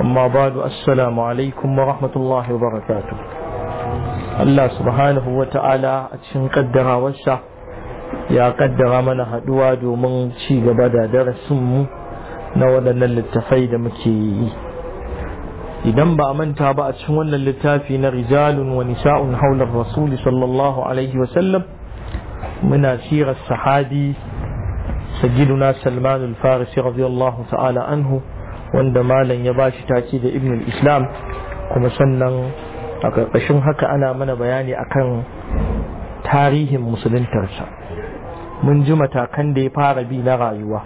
amma ba da assalamu alaikum wa rahmatullahi wa Allah subhanahu wa ta'ala a cikin kaddarawarsa ya ƙaddara mana haɗuwa domin ci gaba da darasin mu na waɗannan littafai da muke yi idan ba a manta ba a cikin wannan littafi na rijalun wa nisa'un haular rasul sallallahu alaihi wa sallam muna sirar sahabi sajiduna salman al-farisi radiyallahu ta'ala anhu wanda malam ya ba shi taki da ibn islam kuma sannan a ƙarƙashin haka ana mana bayani a kan tarihin musuluntarsa mun ji matakan da ya fara bi na rayuwa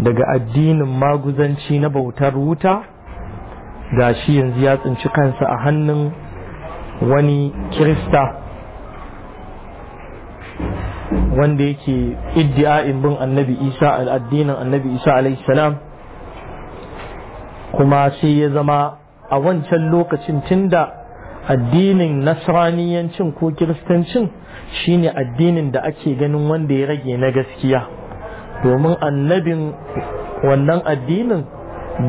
daga addinin maguzanci na bautar wuta ga shi yanzu ya tsinci kansa a hannun wani kirista wanda yake iddia'in bin annabi isa al'addinin annabi isa alaihi salam kuma sai ya zama a wancan lokacin tunda addinin nasraniyancin ko kiristancin shine addinin da ake ganin wanda ya rage na gaskiya domin annabin wannan addinin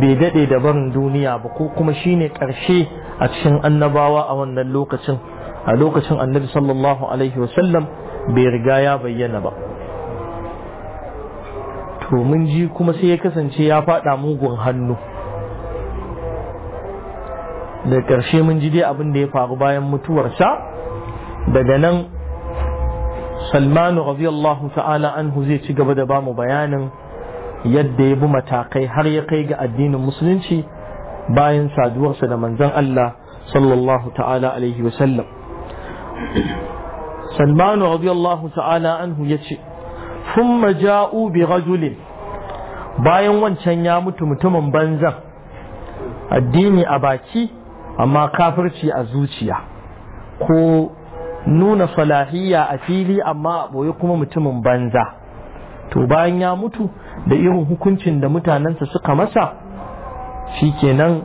bai daɗe da barin duniya ba ko kuma shine ƙarshe a cikin annabawa a wannan lokacin a lokacin annabi sallallahu alaihi wasallam bai riga ya bayyana ba to mun ji kuma sai ya kasance ya faɗa mugun hannu da ƙarshe mun ji dai abin da ya faru bayan mutuwarsa daga nan salmanu radiyallahu ta'ala anhu zai ci gaba da ba mu bayanin yadda ya bi matakai har ya kai ga addinin musulunci bayan saduwarsa da manzon Allah sallallahu ta'ala alaihi wasallam salmanu radiyallahu ta'ala anhu ya ce ثم جاءوا برجل bayan wancan ya mutu mutumin banzan addini a baki amma kafirci a zuciya ko nuna falahiyya a fili amma boye kuma mutumin banza to bayan ya mutu da irin hukuncin da mutanensa suka masa shi kenan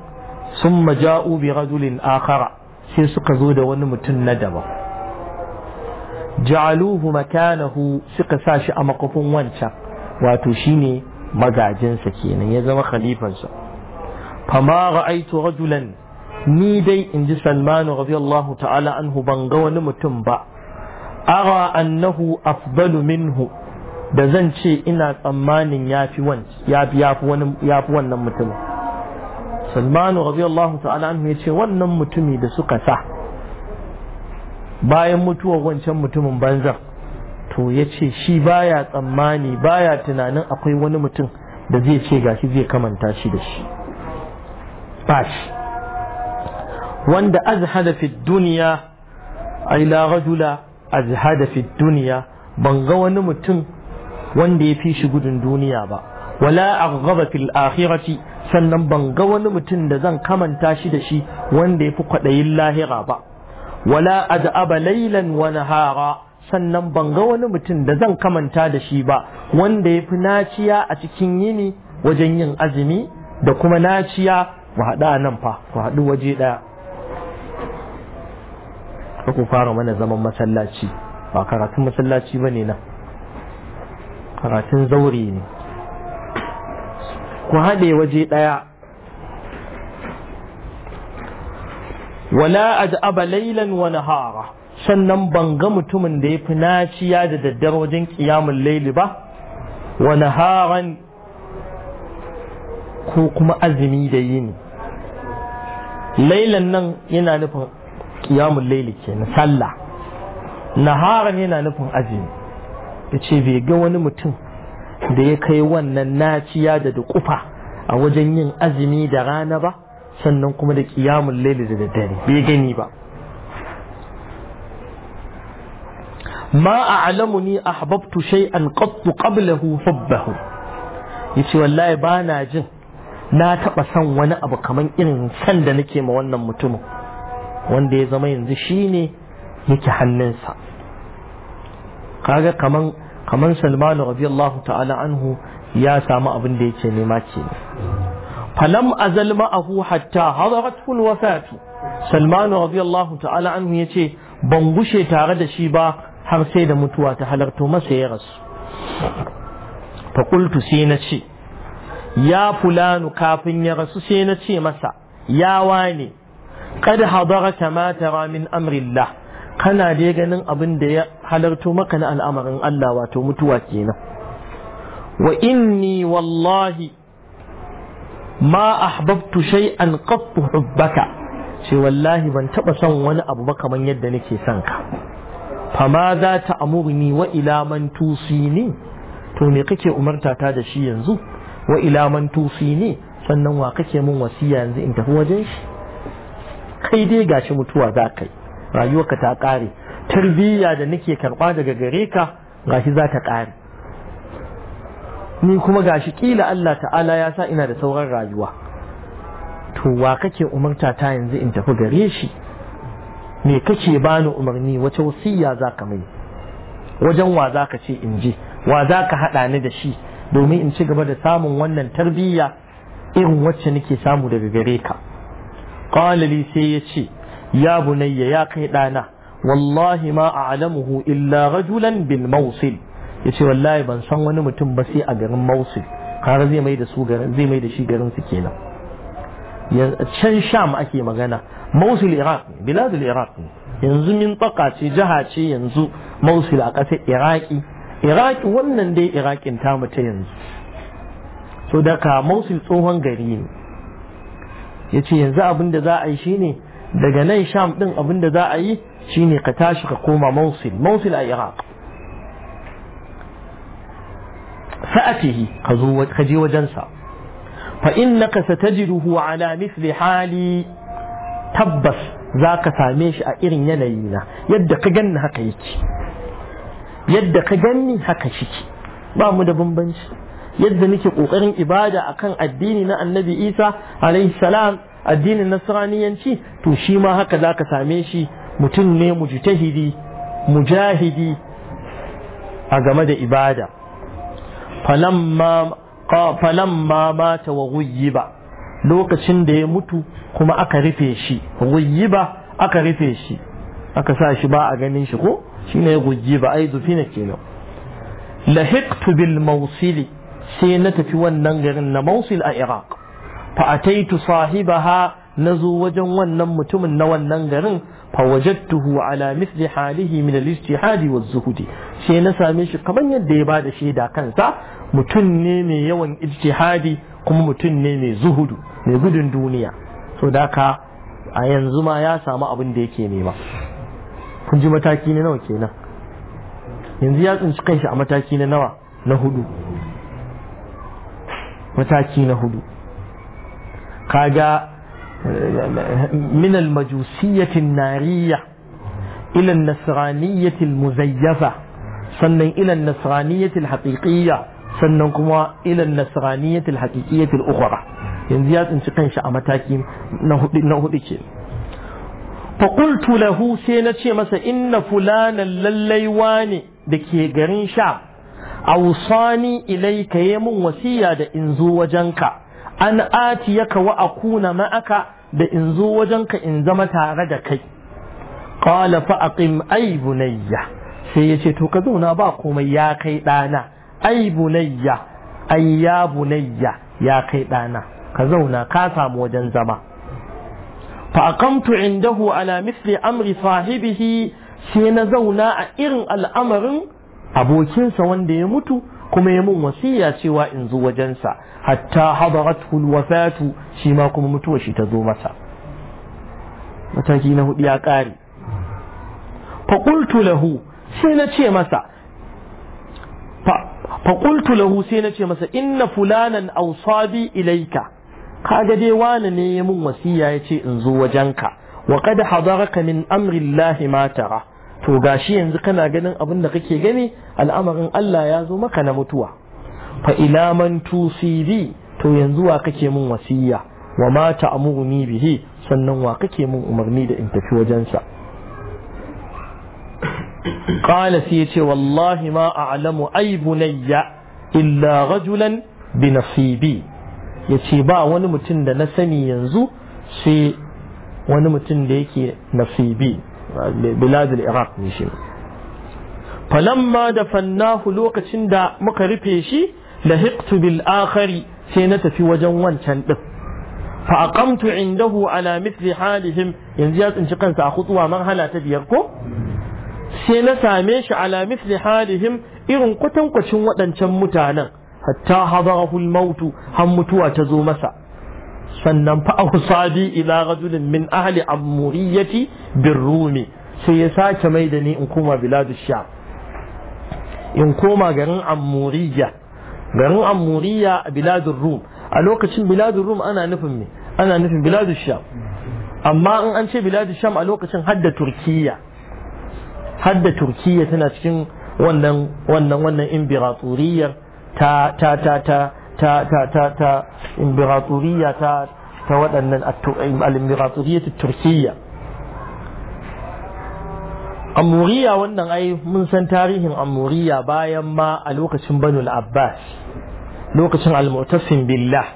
sun maja'u bi rajulin akara sai suka zo da wani mutum na daban ja'aluhu makanahu suka sa shi a makofin wancan wato shine magajinsa kenan ya zama khalifansa fama ra'aito rajulan ni dai in ji salmanu radiyallahu ta'ala anhu ban ga wani mutum ba ara annahu afdalu minhu da zan ce ina tsammanin ya fi wannan mutum salmanu radiyallahu ta'ala anhu ya ce wannan mutumi da suka sa bayan mutuwar wancan mutumin banza to yace shi baya tsammani baya tunanin akwai wani mutum da zai ce gashi zai kamanta shi da shi ba shi wanda azhada fi duniya ay la rajula azhada fi duniya ban ga wani mutum wanda ya fi shi gudun duniya ba wala aghaba fil akhirati sannan ban ga wani mutum da zan kamanta shi da shi wanda ya fi kwaɗayin lahira ba wala ad'aba laylan wa nahara sannan ban ga wani mutum da zan kamanta da shi ba wanda ya fi naciya a cikin yini wajen yin azumi da kuma naciya ku haɗa nan fa ku haɗu waje ɗaya ka ku fara mana zaman masallaci ba karatun masallaci ba ne nan karatun zaure ne ku haɗe waje ɗaya wala ad'aba laylan wa nahara sannan ban ga mutumin da yafi naciya da daddare wajen qiyamul laili ba wa naharan ko kuma azumi da yini Laylan nan yana nufin kiyamun laili ke na sallah naharan yana nufin azumi ya ce bai ga wani mutum da ya kai wannan naciya da da a wajen yin azumi da rana ba sannan kuma da kiyamun laili da daddare bai gani ba ma a alamu a'lamuni ahbabtu shay'an qattu qablahu hubbahu yace wallahi bana jin na taba san wani abu kaman irin san da nake ma wannan mutumin wanda ya zama yanzu shine yake hannunsa kaga kaman Salmanu Salman radiyallahu ta'ala anhu ya samu abin da yake nema ke falam azal ma'ahu hatta hadarat kul wafatu Salman radiyallahu ta'ala anhu yace ban gushe tare da shi ba har sai da mutuwa ta halarto masa ya rasu fakultu sai na ce ya fulanu kafin ya rasu sai na ce masa ya wane قد حضرك ما ترى من أمر الله كان ديغن أبن دي حلرت مكان الأمر الله وتمتوكينا وإني والله ما أحببت شيئا قط حبك شي والله من تبصن وانا أبو بك من يدنك سنك فماذا تأمرني وإلى من توصيني توني قكي أمرت تاد شي ينزو وإلى من توصيني فنن واقكي من وسيا ينزي انت هو جيش kai dai gashi mutuwa za ka yi rayuwarka ta kare tarbiyya da nake karɓa daga gare ka gashi za ta kare. ni kuma gashi kila Allah ta'ala ya sa ina da sauran rayuwa to wa kake umarta ta yanzu in tafi gare shi me kake bani umarni wace wasiya za ka mai wajen wa za ka ce in ji wa za ka haɗa ni da shi domin in ci gaba da samun wannan tarbiyya irin wacce nake samu daga gare ka qala li sai ya ce ya bunayya ya kai dana wallahi ma a'lamuhu illa rajulan Mausil. Ya yace wallahi ban san wani mutum ba sai a garin Mausil. kaga zai mai da su garin zai mai da shi garin su kenan can sham ake magana Mausil iraq biladul iraq yanzu min tsaka ce jiha ce yanzu Mausil a ƙasar iraki iraki wannan dai irakin tamu ta yanzu so daga tsohon gari ne ya ce yanzu abin da za a yi shine daga nan sham ɗin abin da za a yi shine ka tashi ka koma mausil mausil a iraq sa'atihi ka je wajensa fa innaka satajiduhu ala misli hali tabbas za ka same shi a irin yanayi na yadda ka ganni haka yake yadda ka ganni haka shi ba mu da bambanci yadda nake kokarin ibada akan addini na annabi isa alaihi salam addinin nasraniyanci to shi ma haka zaka same shi mutum ne mujtahidi mujahidi a game da ibada falamma mata wa ba lokacin da ya mutu kuma aka rufe shi ba aka rufe shi aka sa shi ba a ganin shi ko shine ya ba ai kenan lahiqtu bil mawsili sai na tafi wannan garin na Mosul a Iraq fa ataitu sahibaha nazo wajen wannan mutumin na wannan garin fa wajadtuhu ala mithli halihi min al-ijtihad wa zuhudi sai na same shi kamar yadda ya bada shaida kansa mutum ne mai yawan ijtihadi kuma mutum ne mai zuhudu mai gudun duniya so daka a yanzu ma ya samu abin da yake nema kun ji mataki ne nawa kenan yanzu ya tsinci kanshi a mataki na nawa na hudu mataki na hudu kaga من المجوسية النارية إلى النصرانية المزيفة سنن إلى النصرانية الحقيقية سنن كما إلى النصرانية الحقيقية الأخرى ينزيات انتقين شعمتاكي نهدك فقلت له سينتي مسا إن فلانا لليواني دكي غرين شعب awsani ilayka mun wasiya da in zo wajenka an ati yaka wa akuna ma'aka da in zo wajenka in zama tare da kai qala fa aqim ay bunayya sai yace to ka zauna ba komai ya kai dana ay bunayya ay ya bunayya ya kai dana ka zauna ka samu wajen zama fa aqamtu indahu ala mithli amri sahibihi sai na zauna a irin al'amarin abokinsa wanda ya mutu kuma ya mun wasiya cewa in zo wajensa hatta hadaratul wafatu shi ma kuma mutuwa shi ta zo masa mataki na hudu ya kare fa qultu lahu sai na ce masa fa qultu lahu sai na ce masa inna fulanan awsabi ilayka kaga dai wani ne ya mun wasiya ya ce in zo wajenka wa qad hadaraka min amri llahi ma tara to gashi yanzu kana ganin abin da kake gani al'amarin Allah ya zo maka na mutuwa fa ila man bi. to yanzu wa kake min wasiya wa ma ta'muruni bihi sannan wa kake min umarni da in tafi wajensa qala sai yace wallahi ma a'lamu ay bunayya illa rajulan bi nasibi yace ba wani mutum da na sani yanzu sai wani mutum da yake nasibi بلاد العراق نشيم فلما دفناه لوك تشندا مكرفيشي لهقت بالآخر سينت في وجن وان فأقمت عنده على مثل حالهم ينزيات إن شقن تأخطوا من هلا تبيركم سينا ساميش على مثل حالهم كوتن كوتن قتن وطن حتى حضره الموت هم متوى تزو مسأ sannan fa ahsadi ila rajulin min ahli amuriyati birrumi sai ya sace mai da ni in koma biladu sha in koma garin amuriya garin amuriya a biladun rum a lokacin biladun rum ana nufin me ana nufin biladun sham amma in an ce biladun sham a lokacin hadda turkiya hadda turkiya tana cikin wannan wannan wannan imbiraturiyar ta ta ta ta ta ta ta ta imbiratoriya ta ta waɗannan al-imbiratoriya ta turkiyya amuriya wannan ai mun san tarihin amuriya bayan ma a lokacin banul abbas lokacin al-mutasim billah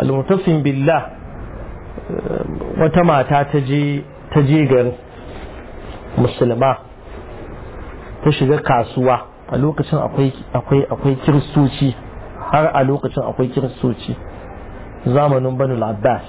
al-mutasim billah eh, wata mata ta je ta je garin musulma ta shiga kasuwa a lokacin akwai akwai akwai kiristoci har a lokacin akwai kiristoci zamanin banul abbas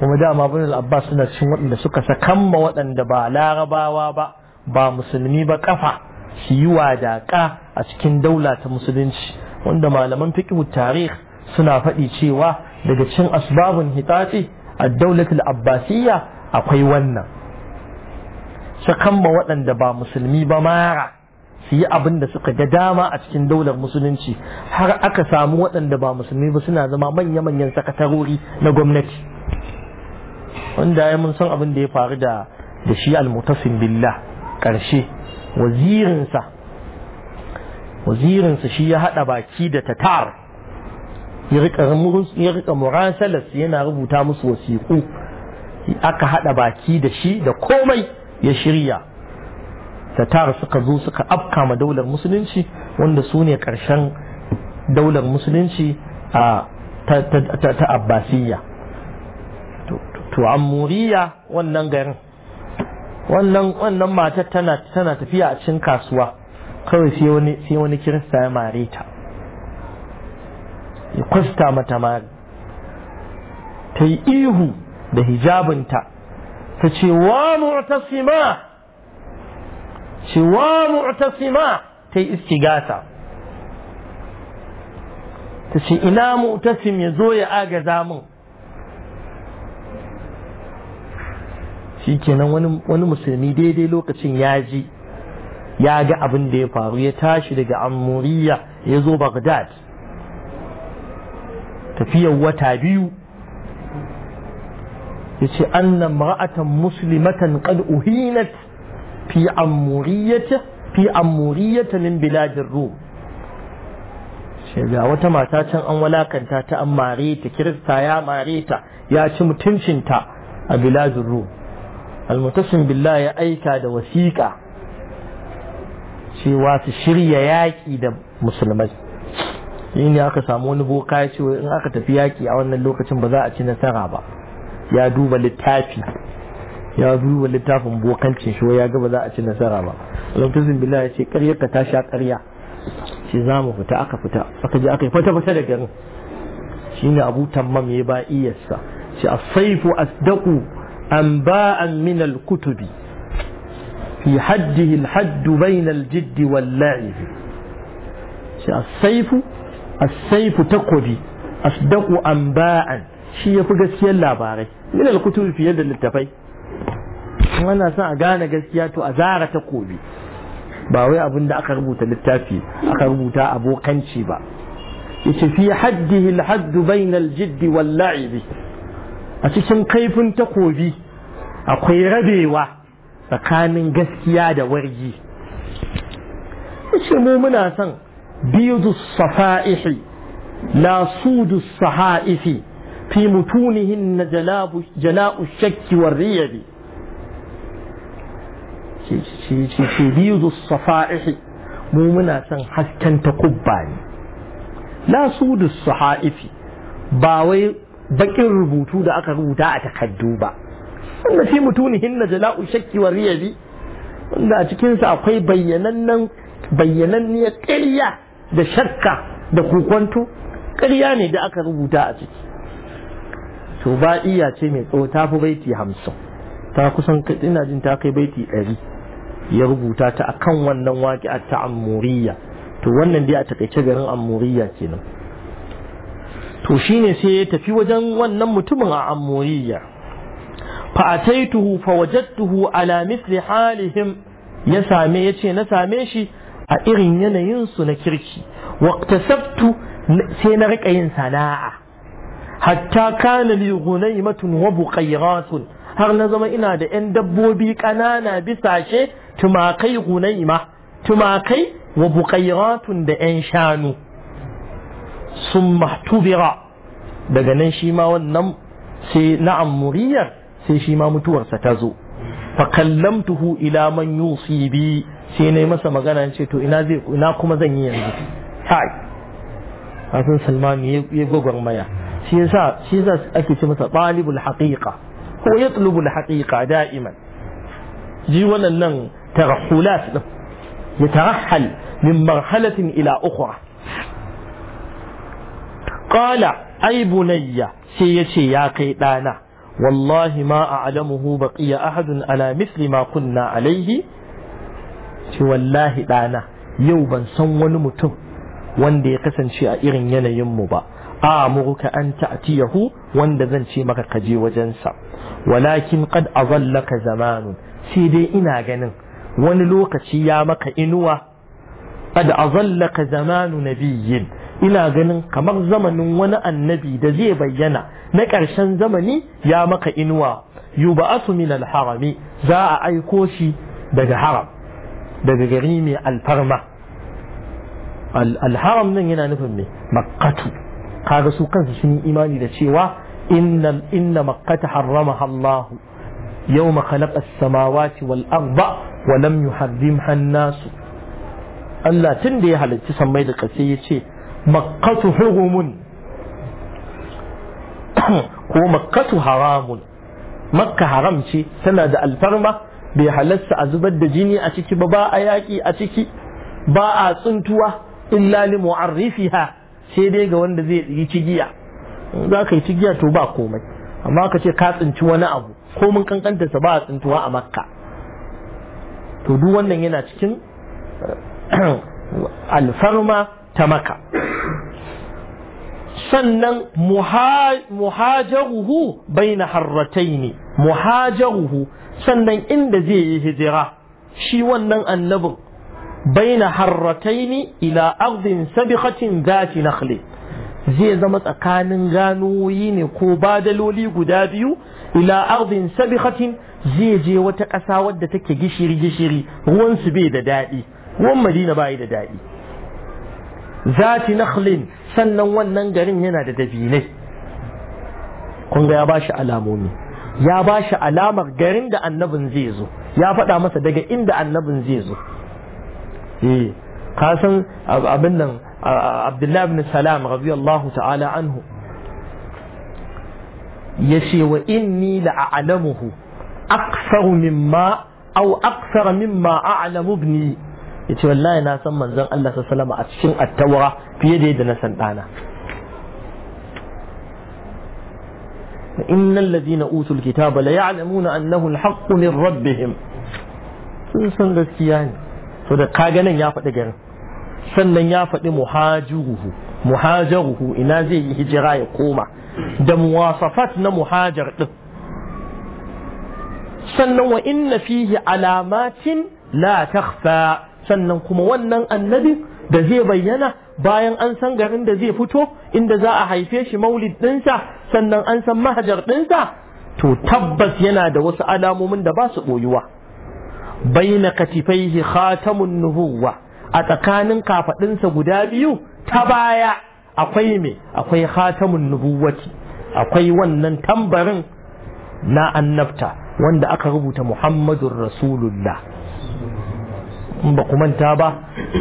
kuma dama banul abbas suna cikin waɗanda suka sakamma waɗanda ba larabawa ba ba musulmi ba kafa su yi wadaƙa a cikin daula ta musulunci wanda malaman fiqhu tarih suna faɗi cewa daga cikin asbabun hitati a daulatul abbasiyya akwai wannan sakamma waɗanda ba musulmi ba mara su yi abin da suka ga dama a cikin daular musulunci har aka samu waɗanda ba musulmi ba suna zama manya-manyan sakatarori na gwamnati wanda ya mun san abin da ya faru da da shi al-mutasim billah ƙarshe wazirinsa wazirinsa shi ya haɗa baki da tatar ya rika murasalas yana rubuta musu wasiƙu aka haɗa baki da shi da komai ya shirya tara suka zo suka afka ma daular musulunci wanda su ne karshen daular musulunci a ta abbasiyya to amuriya wannan garin wannan matar tana tana tafiya a cikin kasuwa kawai sai wani sai kirista ya mare ta ya kwasta mata mare. ta yi ihu da hijabinta ta ce wa mu'tasima cewa mu'tasima ta yi istigasa ta ce ina mu'tasim ya zo ya agaza min shi kenan wani musulmi daidai lokacin ya ji ya ga abin da ya faru ya tashi daga amuriya ya zo bagdad tafiyar wata biyu ya ce annan ma'atan muslimatan kan uhinat fi amuriyyata fi amuriyyata min biladin rum ga wata mata can an walakanta ta an mare ta kirista ya mare ta ya ci mutuncinta a bilajin rum almutasin billah ya aika da wasiƙa cewa su shirya yaƙi da musulmai shi ne aka samu wani boka ya ce in aka tafi yaƙi a wannan lokacin ba za a ci nasara ba ya duba littafi ya duba littafin bokancin shi ya gaba za a ci nasara ba lokacin billahi ya ce ƙarya ka ta sha ƙarya shi za mu fita aka fita aka je aka yi fata fata da garin ne abu tammam ya ba iyasa shi a saifu a daku an ba'an minal kutubi fi haddihi al-hadd bayna al-jidd shi a saifu a saifu takobi a daku an ba'an shi ya fi gaskiyar labarai minal kutubi fiye da littafai wannan son a gane gaskiya to a zara ta kobe ba wai abin da aka rubuta littafi aka rubuta abokanci ba yace fi haddihi al-hadd bayna al-jidd wal la'ib a cikin kaifin takobi akwai rabewa tsakanin gaskiya da wargi yace mu muna son biyudu safaihi la sudu sahaifi fi mutunihin jala'u shakki war riyabi ce biyu safa'ihi mu muna son hasken ta kubba ne la sahaifi ba wai bakin rubutu da aka rubuta a takaddu ba wanda fi mutunihin na jala'u shakki wa riyabi wanda a cikinsa akwai bayyanannen bayyananniyar ƙarya da shakka da kukwanto ƙarya ne da aka rubuta a ciki to ba iya ce mai tsawo ta fi baiti hamsin ta kusan ina jin ta kai baiti ɗari ya rubuta ta akan wannan waƙi'a ta amuriya to wannan dai a takaice garin ammuriya kenan to shine sai ya tafi wajen wannan mutumin a ammuriya fa ataituhu fa wajadtuhu ala mithli halihim ya same yace na same shi a irin yanayin su na kirki waqtasabtu sai na rika yin sana'a hatta kana li ghunaymatun wa buqayratun har na zama ina da 'yan dabbobi ƙanana bisashe tumakai ma tumakai wa buƙairatun da 'yan shanu sun mahtubira daga nan shi ma wannan sai na'am muriyar sai shi ma mutuwarsa ta zo fa kallamtuhu ila man yusi bi sai nayi masa magana ce to ina kuma zan yi yanzu kai hasan salman ya gwagwarmaya shi yasa shi yasa ake ce masa talibul haqiqa ويطلب الحقيقة دائما جي ونن ترحلات يترحل من مرحلة إلى أخرى قال أي بني سيتي يا قيدانا والله ما أعلمه بقي أحد على مثل ما كنا عليه والله دانا يوبا سن متم wanda ya kasance a irin yanayin mu ba amuruka an ta'tiyahu wanda zan ce maka kaje wajen sa walakin qad azallaka zamanun sai dai ina ganin wani lokaci ya maka inuwa qad azallaka zamanu nabiyyin ina ganin kamar zamanin wani annabi da zai bayyana na ƙarshen zamani ya maka inuwa yuba min al-harami za a aiko shi daga haram daga gari mai alfarma alharam nan yana nufin mai makkatu kaga su kansu sun yi imani da cewa inna inna makkata Yau Allah yawma khalaqa samawati wal arda wa lam yuharrimha an Allah tun da ya halarci sammai da ƙasa ya ce makkatu hurumun ko makkatu haramun makka haram ce tana da alfarma bai halarsa a zubar da jini a ciki ba ba a yaƙi a ciki ba a tsuntuwa illa li mu'arrifiha sai dai ga wanda zai yi cigiya za ka yi cigiya to ba komai amma ka ce ka tsinci wani abu ko mun kankanta sa ba a tsintuwa a makka to duk wannan yana cikin eh, alfarma ta maka sannan muhajaruhu bai na harratai ne muhajaruhu sannan inda zai yi hijira shi wannan annabin baina harrataini ila ardin sabiqatin zati nakhli zai zama tsakanin ganoyi ne ko badaloli guda biyu ila ardin sabiqatin zai je wata ƙasa wadda take gishiri gishiri ruwan su bai da daɗi ruwan madina bai da daɗi zati nakhlin sannan wannan garin yana da dabinai kun ya bashi alamomi ya bashi alamar garin da annabin zai zo ya faɗa masa daga inda annabin zai zo eh kasan abin nan abdullahi ibn salam radiyallahu ta'ala anhu yace wa inni la'alamuhu aktsaru mimma aw aktsara mimma a'lamu ibni yace wallahi na san manzon Allah sallallahu alaihi a cikin attawara fiye da yadda na san dana إن الذين أوتوا الكتاب ليعلمون أنه الحق من ربهم سنسن غسكياني so da kaga nan ya faɗi garin sannan ya faɗi muhajiruhu muhajiruhu ina zai yi hijira ya koma da muwasafat na muhajar ɗin. sannan wa inna fihi alamatin la takhfa sannan kuma wannan annabi da zai bayyana bayan an san garin da zai fito inda za a haife shi maulid ɗinsa sannan an san mahajar ɗinsa to tabbas yana da wasu alamomin da ba su ɓoyuwa baina katifaihi khatamun nuhuwa a tsakanin kafadinsa guda biyu ta baya akwai me akwai khatamun nubuwati akwai wannan tambarin na annabta wanda aka rubuta Muhammadu rasulullah in ba ku manta ba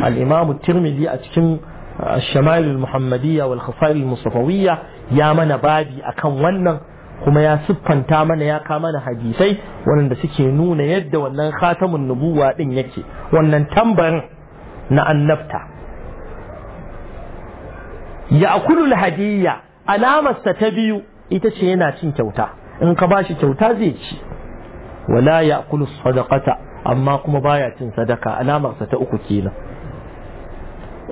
al-imamu tirmidhi a cikin الشمال المحمدية والخصائل musafawiyya ya mana babi akan wannan. kuma ya siffanta mana ya kama mana hadisai waɗanda suke nuna yadda wannan khatamun nubuwa din yake wannan tambarin na annabta ya akulul hadiyya alamarsa ta biyu ita ce yana cin kyauta in ka bashi kyauta zai ci wala ya akulu sadaqata amma kuma baya cin sadaka alamarsa ta uku kenan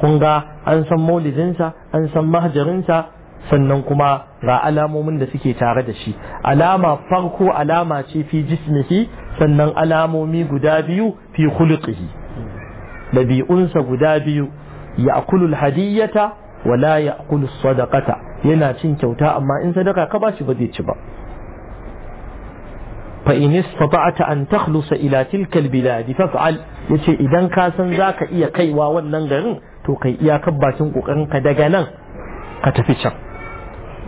kun ga an san maulidinsa an san mahajarinsa. sannan kuma ga alamomin da suke tare da shi alama farko alama ce fi jismihi sannan alamomi guda biyu fi khuluqihi dabi'unsa guda biyu ya'kulu wala wa la ya'kulu sadaqata yana cin kyauta amma in sadaka ka bashi ba zai ci ba fa in istata'ta an takhlusa ila tilka albilad faf'al yace idan ka san zaka iya kaiwa wannan garin to kai iyakar bakin kokarin ka daga nan ka tafi can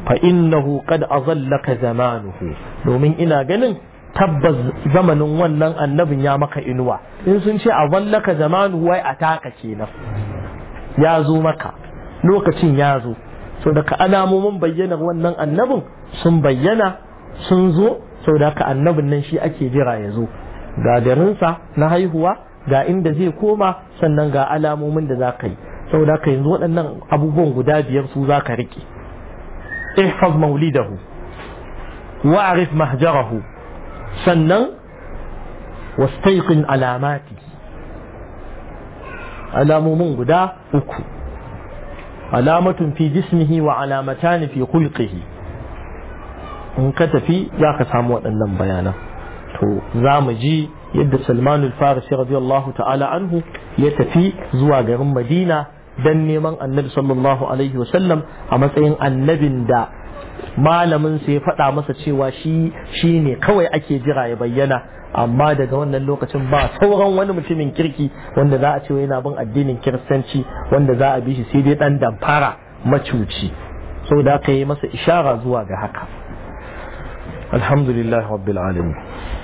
fa innahu qad azallaka zamanuhu domin ina ganin tabbas zamanin wannan annabin ya maka inuwa in sun ce azallaka zamanuhu wai ataka kenan ya zo maka lokacin ya zo so daga alamomin bayyanar wannan annabin sun bayyana sun zo so daga annabin nan shi ake jira ya zo ga darinsa na haihuwa ga inda zai koma sannan ga alamomin da za ka yi saboda ka yanzu waɗannan abubuwan guda biyar su za ka riƙe احفظ مولده واعرف مهجره سنا واستيقن علاماتي علام منغدا اكو علامة في جسمه وعلامتان في خلقه ان كتفي ذاك سامو ادنن بيانا تو زامجي يد سلمان الفارسي رضي الله تعالى عنه يتفي زوا غير مدينه dan neman annabi sallallahu alaihi wasallam a matsayin annabin da malamin sai ya faɗa masa cewa shi shi ne kawai ake jira ya bayyana amma daga wannan lokacin ba sauran wani mutumin kirki wanda za a ce yana bin addinin kiristanci wanda za a bi shi sai dai dan damfara macuci sau da aka yi masa ishara zuwa ga haka alhamdulillah rabbil alamin